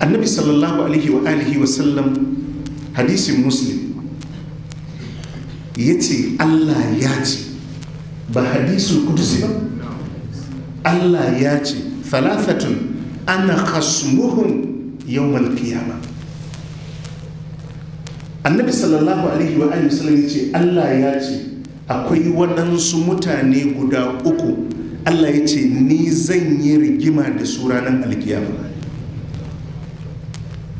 annabi sallallahu alaihi wa alihi wa sallam hadisin muslim ya ce allah ya ce ba hadisul kudusi ba allah ya ce falafatun ana khasmuhum yawmal qiyama annabi sallallahu alaihi wa alihi wa sallam ya ce allah ya ce akwai waɗansu mutane guda uku allah ya ce ni zan yi rigima da su ranar alkiyama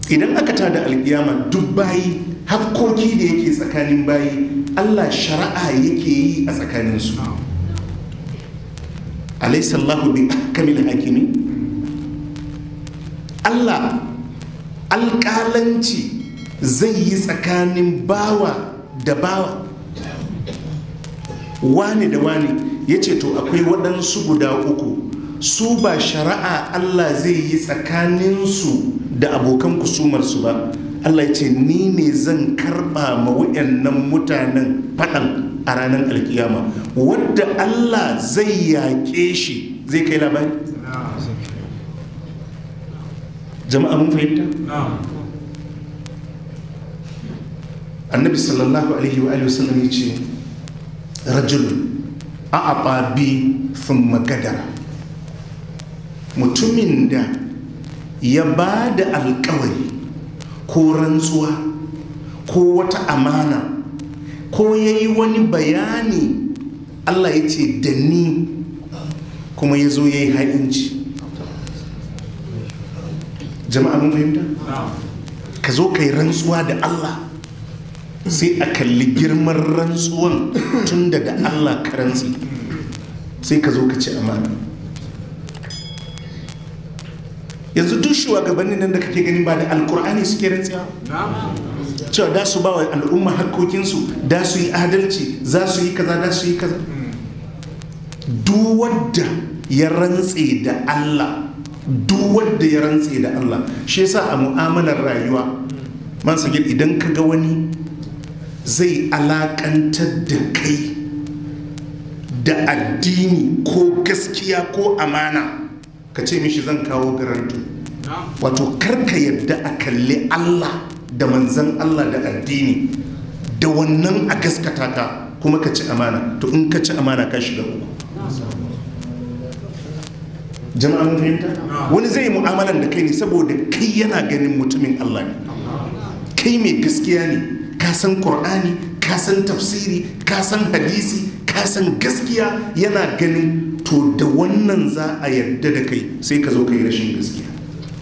idan aka da alkiyama duk bayi hakkoki da yake tsakanin bayi allah shari'a yake yi a tsakaninsu alaisallahu bi kamil hakimi allah alƙalanci zai yi tsakanin bawa da bawa wani da wani ya ce to akwai waɗansu guda uku su ba shari'a allah zai yi tsakaninsu da abokan kusumarsu ba Allah ya ce ni ne zan karɓa ma waɗannan mutanen faɗan a ranar alkiyama wadda Allah zai yaƙe shi zai kai labari jama'a mun fahimta annabi sallallahu alaihi wa sallam ya ce rajul a bi fin magadara mutumin da ya ba da alkawari ko rantsuwa ko wata amana ko ya yi wani bayani allah ya ce da ni kuma ya zo ya yi ha'inci jama'a mun fahimta ka zo ka yi rantsuwa da allah sai a kalli girman rantsuwan tun da allah ka sai ka zo ka ci amana yanzu duk shugabannin nan da kake gani ba da alkur'ani suke rantsiya cewa da su ba wa al'umma hakkokinsu da su yi adalci za su yi kaza da su yi kaza Duwadda ya rantse da Allah duwadda ya rantse da Allah shi yasa a mu'amalar rayuwa man sagir idan ka ga wani zai alakantar da kai da addini ko gaskiya ko amana ka ce mishi zan kawo garantu wato karka yadda a kalli Allah da manzan Allah da addini da wannan a gaskata ka kuma ka ci amana to in ka ci amana ka shiga uku jama'a mun fahimta wani zai yi mu'amalan da kai ne saboda kai yana ganin mutumin Allah ne kai mai gaskiya ne ka san Qur'ani ka san tafsiri ka san hadisi ka san gaskiya yana ganin to da wannan za a yarda da kai sai ka zo ka yi rashin gaskiya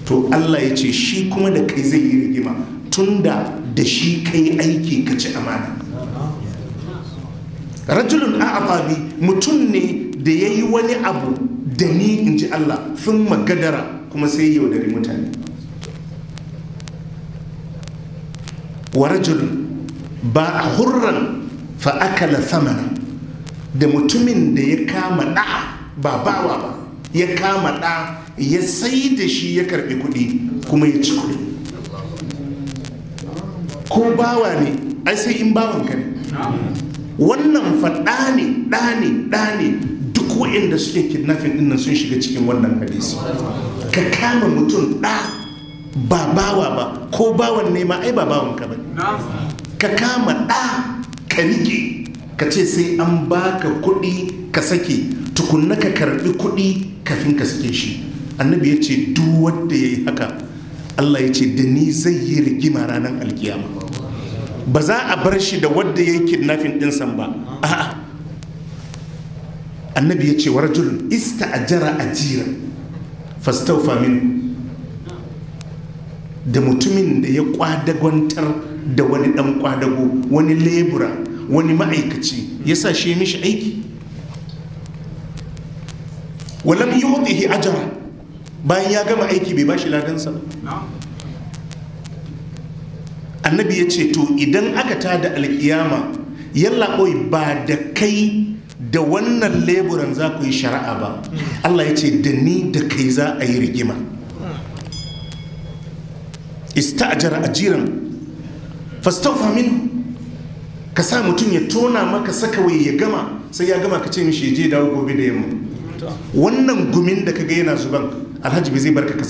to Allah ya ce shi kuma da kai zai yi rigima tunda da shi kai aiki ka ci amana rajulun a'afabi mutum ne da ya yi wani abu da ni in ji Allah sun magadara kuma sai yaudari mutane wa rajulun ba a hurran fa'akala samana da mutumin da ya kama da'a ba bawa ba ya kama ɗa ya sai da shi ya karɓi kuɗi kuma ya ci kuɗi ko bawa ne ai sai in bawan ka ne wannan fa ɗa ne ɗa ne ɗa ne duk waɗanda suke kidnafin ɗin nan sun shiga cikin wannan hadisi ka kama mutum ɗa ba bawa ba ko bawan ne ma ai ba bawan ka ba ka kama ɗa ka rike ka ce sai an baka kuɗi ka sake tukunna ka karɓi kuɗi kafin ka sake shi annabi ya ce duk wanda ya yi haka Allah ya ce da ni zai yi rigima ranar alkiyama ba za a bar shi da wadda ya yi kidnafin ɗinsan ba a'a annabi ya ce wa rajulun ista a jira. fastaufa min da mutumin da ya kwadagwantar da wani dan kwadago wani lebura wani ma'aikaci ya sa mishi aiki walam yi hudihi ajara bayan ya gama aiki bai bashi ladansa annabi ya ce to idan aka da alkiyama yalla oi ba da kai da wannan leburan za ku yi shari'a ba Allah ya ce da ni da kai za a yi rigima ista'jara ajiran fastawfa minhu ka sa mutum ya tona maka wai ya gama sai ya gama ka ce mishi je dawo gobe da yamma wannan gumin da ka ga yana zuban alhaji bai zai barka ka